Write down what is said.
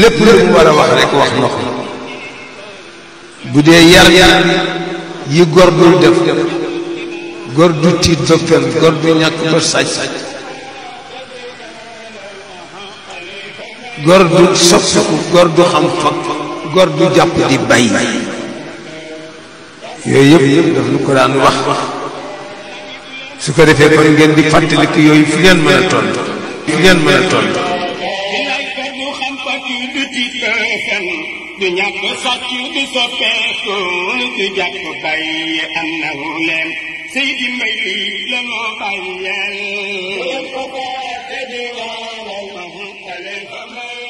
lepp lu mu wara wax rek wax nako budé yar yar yi gor dul def gor du ti ba gor du ñak ba saj gor du soppiku gor du xam fak gor du japp di bay yoy yëpp daf lu quran wax su ko defé kon ngeen di fàttaliku yoy fi ngeen mëna tontu fu ngeen mën a toll. du ñàkk sàcc du soppeeku du jàpp bàyyi am na wu leen Seydi Mbay bi la moo bàyyeel